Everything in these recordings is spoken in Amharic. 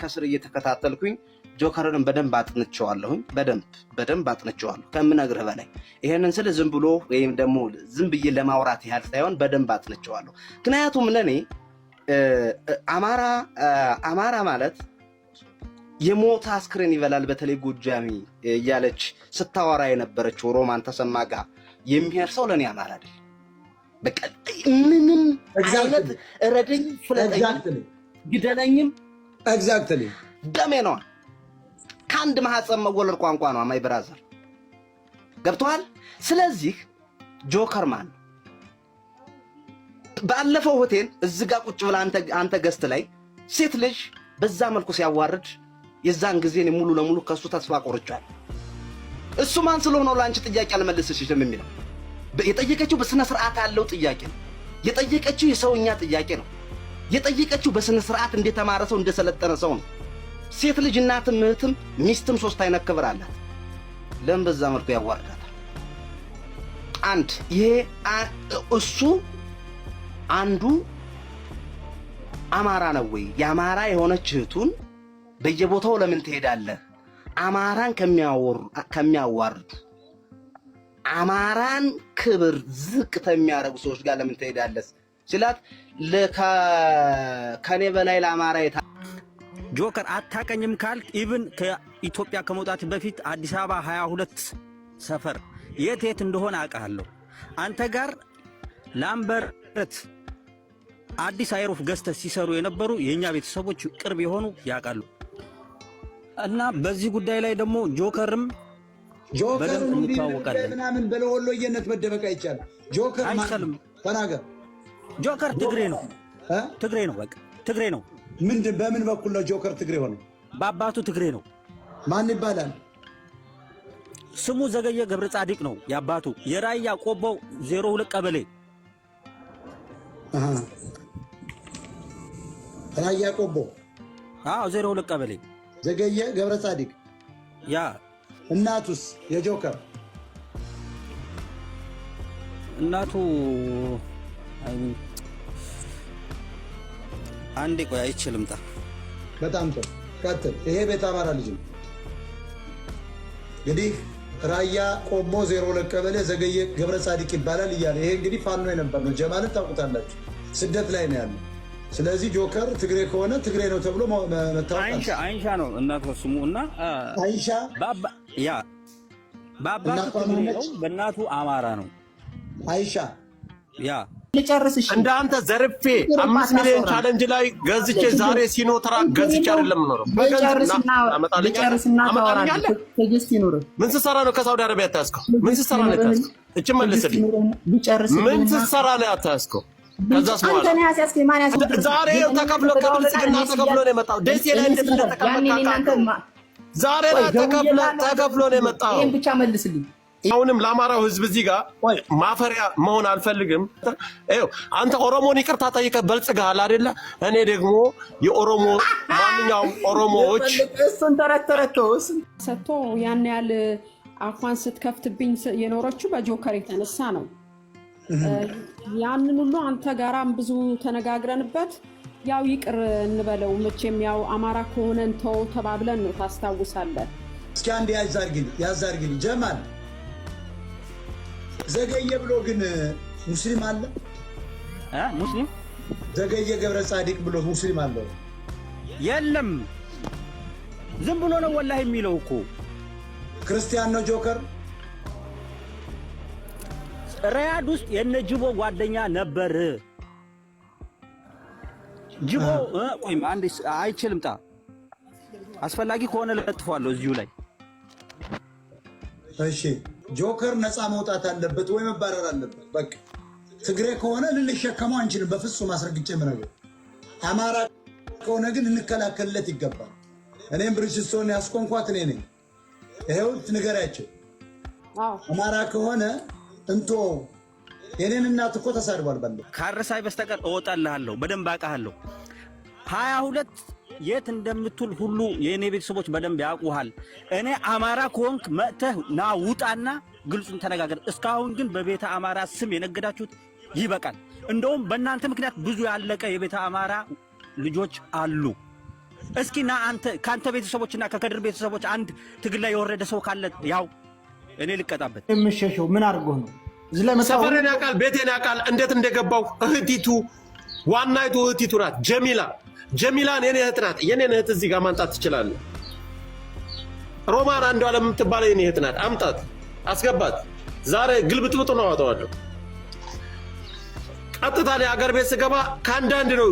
ከስር እየተከታተልኩኝ ጆከርንም በደንብ አጥንቸዋለሁኝ። በደንብ በደንብ አጥንቸዋለሁ ከምነግርህ በላይ ይሄንን ስል ዝም ብሎ ወይም ደግሞ ዝም ብዬ ለማውራት ያህል ሳይሆን በደንብ አጥንቸዋለሁ። ምክንያቱም ለእኔ አማራ አማራ ማለት የሞታ አስክሬን ይበላል። በተለይ ጎጃሚ እያለች ስታወራ የነበረችው ሮማን ተሰማ ጋር የሚሄድ ሰው ለእኔ አማራ አይደል። በቃ ምንም አይነት ፍለጠኝ፣ ግደለኝም ኤግዛክትሊ ደሜ ነዋ። ከአንድ ማህፀን መወለድ ቋንቋ ነዋ። ማይ ብራዘር ገብተዋል። ስለዚህ ጆከር ማን ባለፈው ሆቴል እዚህ ጋር ቁጭ ብላ አንተ ገስት ላይ ሴት ልጅ በዛ መልኩ ሲያዋርድ የዛን ጊዜ እኔ ሙሉ ለሙሉ ከእሱ ተስፋ ቆርጫል። እሱ ማን ስለሆነው ለአንቺ ጥያቄ አልመልስሽም የሚለው የጠየቀችው በስነ ስርዓት ያለው ጥያቄ ነው የጠየቀችው የሰውኛ ጥያቄ ነው። የጠየቀችው በስነ ስርዓት እንደተማረ ሰው እንደሰለጠነ ሰው ነው። ሴት ልጅ እናትም፣ እህትም፣ ሚስትም ሶስት አይነት ክብር አላት። ለምን በዛ መልኩ ያዋርዳታል? አንድ ይሄ እሱ አንዱ አማራ ነው ወይ የአማራ የሆነች እህቱን በየቦታው ለምን ትሄዳለህ? አማራን ከሚያዋርዱ አማራን ክብር ዝቅ ከሚያደርጉ ሰዎች ጋር ለምን ትሄዳለህ? ሲላት ከኔ በላይ ለአማራ የታ ጆከር አታቀኝም ካልክ ኢብን ከኢትዮጵያ ከመውጣት በፊት አዲስ አበባ 22 ሰፈር የት የት እንደሆነ አውቃለሁ። አንተ ጋር ላምበረት አዲስ አይሮፍ ገዝተ ሲሰሩ የነበሩ የእኛ ቤተሰቦች ቅርብ የሆኑ ያውቃሉ። እና በዚህ ጉዳይ ላይ ደግሞ ጆከርም ጆከር ምናምን በለወሎየነት መደበቅ አይቻልም። ጆከር ተናገር ጆከር ትግሬ ነው። ትግሬ ነው። በቃ ትግሬ ነው። ምንድን በምን በኩል ነው ጆከር ትግሬ ሆነ? በአባቱ ትግሬ ነው። ማን ይባላል? ስሙ ዘገየ ገብረ ጻዲቅ ነው የአባቱ። የራያ ቆቦ 02 ቀበሌ ራያ ቆቦ። አዎ 02 ቀበሌ ዘገየ ገብረ ጻዲቅ። ያ እናቱስ የጆከር እናቱ አንድ ቆይ አይቼ ልምጣ። በጣም ጥሩ ቀጥል። ይሄ ቤት አማራ ልጅ ነው እንግዲህ ራያ ቆቦ ዜሮ ሁለት ቀበሌ ዘገየ ገብረ ጻዲቅ ይባላል እያለ ይሄ እንግዲህ ፋኖ የነበር ነው። ጀማልን ታውቁታላችሁ፣ ስደት ላይ ነው ያለው። ስለዚህ ጆከር ትግሬ ከሆነ ትግሬ ነው ተብሎ መታወቅ አይንሻ ነው እናቷ ስሙ እና አይሻ ያ በአባቱ በእናቱ አማራ ነው አይሻ ያ ልጨርስሽ እንደ አንተ ዘርፌ አምስት ሚሊዮን ቻለንጅ ላይ ገዝቼ ዛሬ ሲኖትራ ገዝቼ አይደለም ኖረው ምን ስሰራ ነው ከሳውዲ አረቢያ ያታያዝከው? ምን ስሰራ ነው ያታያዝከው? እች መልስልኝ። ምን ስሰራ ነው ያታያዝከው? ዛሬ ተከፍሎ ከብልጽግና ተከፍሎ ነው የመጣው። ደሴ ላይ እንዴት ዛሬ ላይ ተከፍሎ ነው የመጣው። ይህን ብቻ መልስልኝ። አሁንም ለአማራው ህዝብ እዚህ ጋር ማፈሪያ መሆን አልፈልግም። አንተ ኦሮሞን ይቅርታ ጠይቀ በልጽግሃል አደለ? እኔ ደግሞ የኦሮሞ ማንኛውም ኦሮሞዎች እሱን ተረተረቶ ሰጥቶ ያን ያህል አፏን ስትከፍትብኝ የኖረችው በጆከር የተነሳ ነው። ያንን ሁሉ አንተ ጋራም ብዙ ተነጋግረንበት ያው ይቅር እንበለው መቼም ያው አማራ ከሆነ እንተው ተባብለን ነው። ታስታውሳለን። እስኪ አንድ ያዛርግን ያዛርግን ጀማል ዘገየ ብሎ ግን ሙስሊም አለ። ሙስሊም ዘገየ ገብረ ጻዲቅ ብሎ ሙስሊም አለ የለም። ዝም ብሎ ነው ወላህ የሚለው እኮ ክርስቲያን ነው። ጆከር ሪያድ ውስጥ የነ ጅቦ ጓደኛ ነበር። ጅቦ ቆይም አንድ አይችልም ጣ አስፈላጊ ከሆነ ለጥፏለሁ እዚሁ ላይ እሺ ጆከር ነፃ መውጣት አለበት ወይ መባረር አለበት። በቃ ትግሬ ከሆነ ልንሸከመው አንችልም፣ በፍጹም አስረግጬ የምነግርህ። አማራ ከሆነ ግን እንከላከልለት ይገባል። እኔም ብርጅስቶን ያስቆንኳት እኔ ነኝ። ይኸው ንገሪያቸው። አማራ ከሆነ እንቶ የኔን እናት እኮ ተሳድቧል። ባለ ካረሳይ በስተቀር እወጣልሃለሁ፣ በደንብ አውቃሃለሁ። ሀያ ሁለት የት እንደምትውል ሁሉ የእኔ ቤተሰቦች በደንብ ያውቁሃል። እኔ አማራ ከሆንክ መጥተህ ና ውጣና ግልጹን ተነጋገር። እስካሁን ግን በቤተ አማራ ስም የነገዳችሁት ይበቃል። እንደውም በእናንተ ምክንያት ብዙ ያለቀ የቤተ አማራ ልጆች አሉ። እስኪ ና አንተ ከአንተ ቤተሰቦችና ከከድር ቤተሰቦች አንድ ትግል ላይ የወረደ ሰው ካለ ያው እኔ ልቀጣበት። የምሸሸው ምን አድርጎ ነው? ሰፈሬን ያውቃል፣ ቤቴን ያውቃል፣ እንዴት እንደገባው እህቲቱ ዋናይቱ እህቲቱ ናት ጀሚላ። ጀሚላን የኔ እህት ናት። የኔን እህት እዚህ ጋር ማምጣት ትችላለ። ሮማን አንዷ ለምትባለው የኔ እህት ናት። አምጣት፣ አስገባት። ዛሬ ግልብጥብጡ ነው አወጣዋለሁ። ቀጥታ ላይ አገር ቤት ስገባ ከአንዳንድ ነው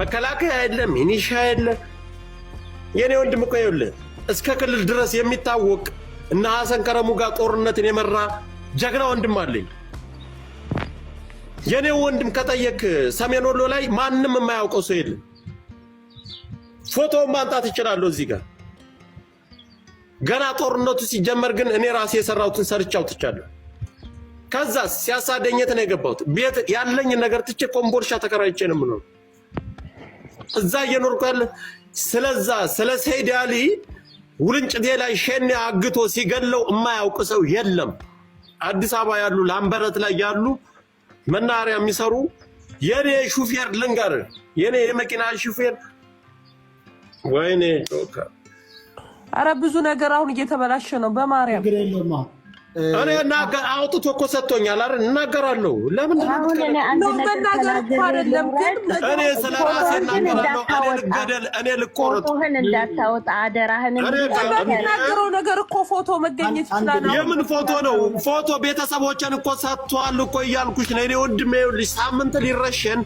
መከላከያ የለ ሚኒሻ የለ። የኔ ወንድም እኮ ይኸውልህ እስከ ክልል ድረስ የሚታወቅ እነ ሀሰን ከረሙ ጋር ጦርነትን የመራ ጀግና ወንድም አለኝ። የኔ ወንድም ከጠየክ ሰሜን ወሎ ላይ ማንም የማያውቀው ሰው የለም። ፎቶውን ማንጣት ይችላለሁ እዚህ ጋር። ገና ጦርነቱ ሲጀመር ግን እኔ ራሴ የሰራሁትን ሰርቼ አውጥቻለሁ። ከዛ ሲያሳደኘት ነው የገባሁት። ቤት ያለኝ ነገር ትቼ ኮምቦልሻ ተከራይቼ ነው የምኖረው። እዛ እየኖርኩ ያለ ስለዛ ስለ ሰይድ አሊ ውልንጭቴ ላይ ሸኔ አግቶ ሲገለው የማያውቅ ሰው የለም። አዲስ አበባ ያሉ ላምበረት ላይ ያሉ መናኸሪያ የሚሰሩ የኔ ሹፌር ልንገር፣ የኔ የመኪና ሹፌር ወይኔ አረ ብዙ ነገር አሁን እየተበላሸ ነው በማርያም እኔ እናገር አውጥቶ እኮ ሰጥቶኛል። አረ እናገራለሁ። ለምን እኔ ስለ ራሴ እናገራለሁ። እኔ ልገደል፣ እኔ እንዳታወጣ አደራህን። ነገር እኮ ፎቶ መገኘት ይችላል። የምን ፎቶ ነው? ፎቶ ቤተሰቦችን እኮ ሰጥቷል እኮ እያልኩሽ ነው። እኔ ወንድሜ ይኸውልሽ፣ ሳምንት ሊረሸን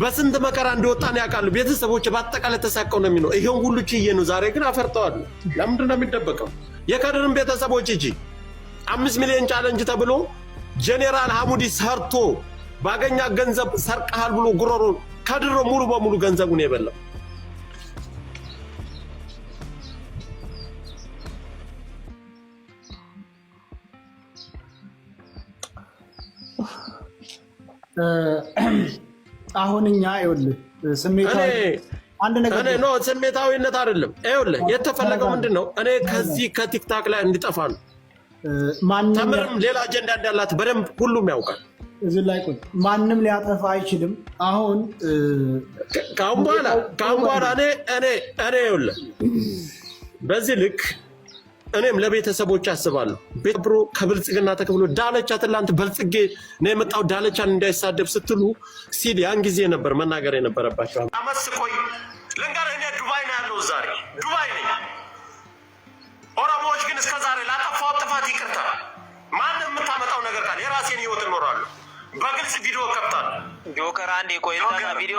በስንት መከራ እንደወጣን ያውቃሉ ቤተሰቦች። በአጠቃላይ ተሳቀው ነው የሚኖር። ይሄን ሁሉ ችዬ ነው ዛሬ ግን አፈርጠዋለሁ። ለምንድን ነው የሚደበቀው? የከድርን ቤተሰቦች እጂ አምስት ሚሊዮን ቻለንጅ ተብሎ ጄኔራል ሐሙዲስ ሰርቶ ባገኛ ገንዘብ ሰርቀሃል ብሎ ጉሮሮ ከድሮ ሙሉ በሙሉ ገንዘቡን የበላው አሁን እኛ ይኸውልህ ስሜታዊነት አይደለም። ይኸውልህ የተፈለገው ምንድን ነው? እኔ ከዚህ ከቲክታክ ላይ እንዲጠፋ ነው። ማንም ሌላ አጀንዳ እንዳላት በደንብ ሁሉም ያውቃል። እዚህ ላይ ቆይ፣ ማንም ሊያጠፋ አይችልም። አሁን ከአሁን በኋላ ከአሁን በኋላ እኔ እኔ እኔ ይኸውልህ፣ በዚህ ልክ እኔም ለቤተሰቦች አስባለሁ። ቤብሮ ከብልጽግና ተከፍሎ ዳለቻ ትላንት በልጽጌ ነው የመጣው ዳለቻን እንዳይሳደብ ስትሉ ሲል ያን ጊዜ ነበር መናገር የነበረባቸው። አመት ስቆይ ልንገርህ፣ እኔ ዱባይ ነው ያለው ዛሬ ዱባይ ነኝ ኦሮሞዎች ግን እስከ ዛሬ ላጠፋው ጥፋት ይቅርታ ማንም የምታመጣው ነገር ካለ የራሴን ህይወት እኖራለሁ። በግልጽ ቪዲዮ ከብታል። ጆከር አንድ የቆይ ቪዲዮ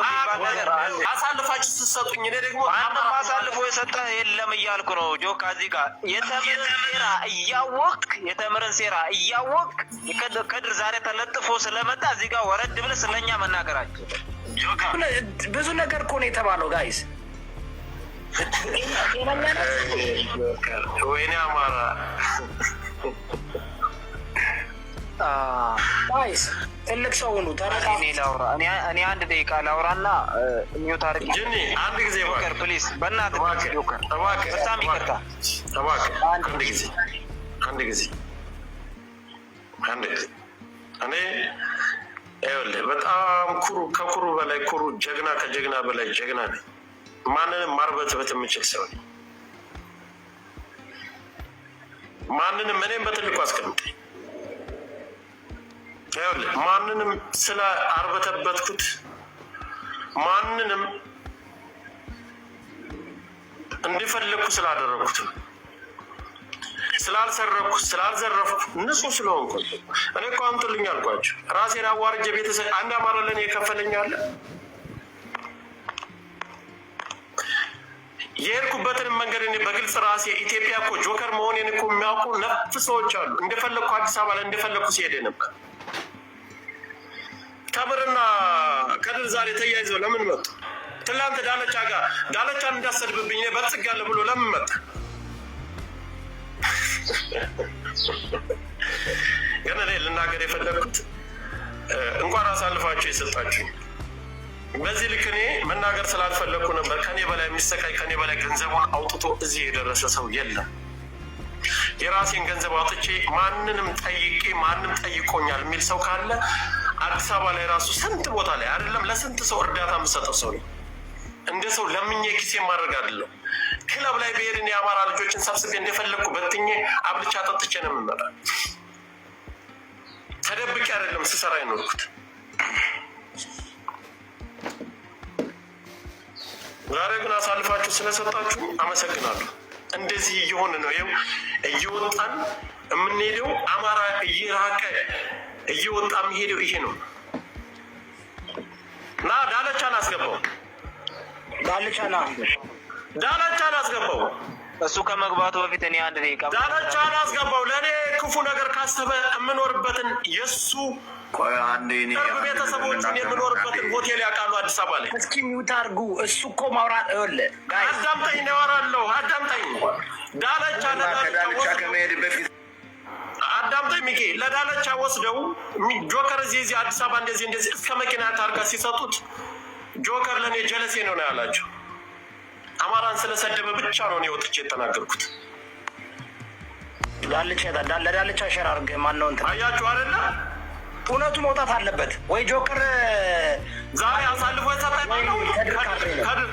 አሳልፋችሁ ስትሰጡኝ እኔ ደግሞ ማንም አሳልፎ የሰጠ የለም እያልኩ ነው። ጆካ እዚህ ጋር የተምርን ሴራ እያወቅ የተምርን ሴራ እያወቅ ከድር ዛሬ ተለጥፎ ስለመጣ እዚህ ጋር ወረድ ብለህ ስለኛ መናገራቸው ብዙ ነገር እኮ ነው የተባለው ጋይስ ወይኔ አማራ ይስ ትልቅ ሰው ሁኑ እኔ አንድ ደቂቃ ላውራና አንድ ጊዜ በእናትህ በጣም ይቅርታ። አንድ ጊዜ አንድ ጊዜ አንድ ጊዜ እኔ ይኸውልህ በጣም ኩሩ ከኩሩ በላይ ኩሩ ጀግና ከጀግና በላይ ጀግና ነኝ። ማንንም ማርበትበት የምችል ሰው ነኝ። ማንንም እኔም በትልቁ አስቀምጠ ማንንም ስለ አርበተበትኩት ማንንም እንዲፈለግኩ ስላደረግኩት ስላልሰረኩ ስላልዘረፍኩ ንጹህ ስለሆንኩ እኔ እኮ አምጡልኝ አልኳቸው። ራሴን አዋርጄ ቤተሰብ አንድ አማራ ለእኔ የከፈለኝ አለ የሄድኩበትንም መንገድ እኔ በግልጽ ራሴ ኢትዮጵያ እኮ ጆከር መሆኔን እኮ የሚያውቁ ነፍ ሰዎች አሉ። እንደፈለግኩ አዲስ አበባ ላይ እንደፈለግኩ ሲሄደ ነበር። ከብርና ከድር ዛሬ ተያይዘው ለምን መጡ? ትላንት ዳለቻ ጋር ዳለቻን እንዳሰድብብኝ እኔ በልጽጋለሁ ብሎ ለምን መጣ? ግን እኔ ልናገር የፈለግኩት እንኳን አሳልፋችሁ የሰጣችሁኝ በዚህ ልክ እኔ መናገር ስላልፈለግኩ ነበር። ከኔ በላይ የሚሰቃይ ከኔ በላይ ገንዘቡን አውጥቶ እዚህ የደረሰ ሰው የለም። የራሴን ገንዘብ አውጥቼ ማንንም ጠይቄ ማንም ጠይቆኛል የሚል ሰው ካለ አዲስ አበባ ላይ ራሱ ስንት ቦታ ላይ አይደለም ለስንት ሰው እርዳታ የምሰጠው ሰው ነው። እንደ ሰው ለምኜ ጊዜ ማድረግ አይደለም። ክለብ ላይ ብሄድን የአማራ ልጆችን ሰብስቤ እንደፈለግኩ በትኜ አብልቻ ጠጥቼ ነው የምመጣ። ተደብቄ አይደለም ስሰራ ይኖርኩት ዛሬ ግን አሳልፋችሁ ስለሰጣችሁ አመሰግናለሁ። እንደዚህ እየሆነ ነው። ይኸው እየወጣን የምንሄደው አማራ እየራቀ እየወጣ የሚሄደው ይሄ ነው። እና ዳለቻን አስገባው፣ ዳለቻን ዳለቻን አስገባው። እሱ ከመግባቱ በፊት እኔ አንድ ደቂቃ ዳለቻን አስገባው። ለእኔ ክፉ ነገር ካሰበ የምኖርበትን የእሱ ቤተሰቦቹን የምኖርበትን ሆቴል ያውቃሉ። አዲስ አበባ ላይ እስኪ ሚውት አድርጉ። እሱ እኮ ማውራት አዳምጠኝ ነው ያወራለሁ። አዳምጠኝ ዳለቻ ከመሄድ በፊት አዳምጠኝ ሚኬ ለዳለቻ ወስደው ጆከር እዚህ እዚህ አዲስ አበባ እንደዚህ እንደዚህ እስከ መኪና ታርጋ ሲሰጡት ጆከር ለእኔ ጀለሴ ነው ነው ያላቸው። አማራን ስለሰደበ ብቻ ነው እኔ ወጥቼ የተናገርኩት። ዳለቻ ሸር አድርገህ ማነው እንትን አያችሁ አይደለ እውነቱ መውጣት አለበት ወይ ጆከር ዛሬ አሳልፎ የሰጠ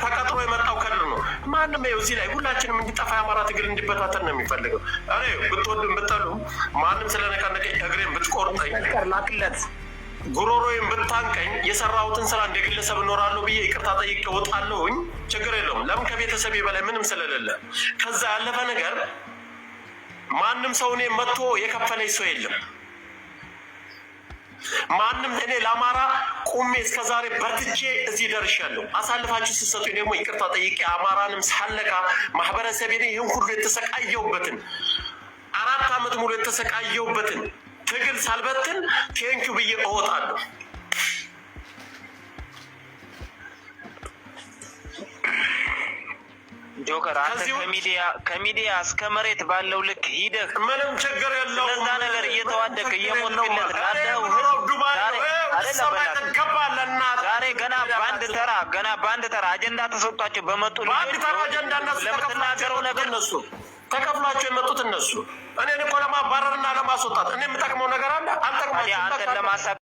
ተቀጥሮ የመጣው ከድር ነው። ማንም ይኸው እዚህ ላይ ሁላችንም እንዲጠፋ የአማራ ትግል እንዲበታተን ነው የሚፈልገው። እኔ ብትወድም ብጠሉም ማንም ስለነቀነቀኝ እግሬን ብትቆርጠኝ ላክለት ጉሮሮዬን ብታንቀኝ የሰራሁትን ስራ እንደ ግለሰብ እኖራለሁ ብዬ ይቅርታ ጠይቄ ወጣለሁኝ። ችግር የለውም። ለምን ከቤተሰብ በላይ ምንም ስለሌለ ከዛ ያለፈ ነገር ማንም ሰው እኔ መጥቶ የከፈለኝ ሰው የለም። ማንም እኔ ለአማራ ቁሜ እስከዛሬ በርትቼ እዚህ ደርሻለሁ። አሳልፋችሁ ስትሰጡኝ ደግሞ ይቅርታ ጠይቄ አማራንም ሳለቃ ማህበረሰቤን ይህን ሁሉ የተሰቃየሁበትን አራት ዓመት ሙሉ የተሰቃየሁበትን ትግል ሳልበትን ቴንኪው ብዬ እወጣለሁ። ጆከር አንተ ከሚዲያ ከሚዲያ እስከ መሬት ባለው ልክ ሂደህ ምንም ችግር የለውም። ስለዛ ነገር እየተዋደቅ እየሞትክለት ላለው ዛሬ ገና በአንድ ተራ ገና በአንድ ተራ አጀንዳ ተሰጧቸው በመጡ ለምትናገረው ነገር እነሱ ተከፍሏቸው የመጡት እነሱ እኔን እኮ ለማባረርና ለማስወጣት እኔ የምጠቅመው ነገር አለ።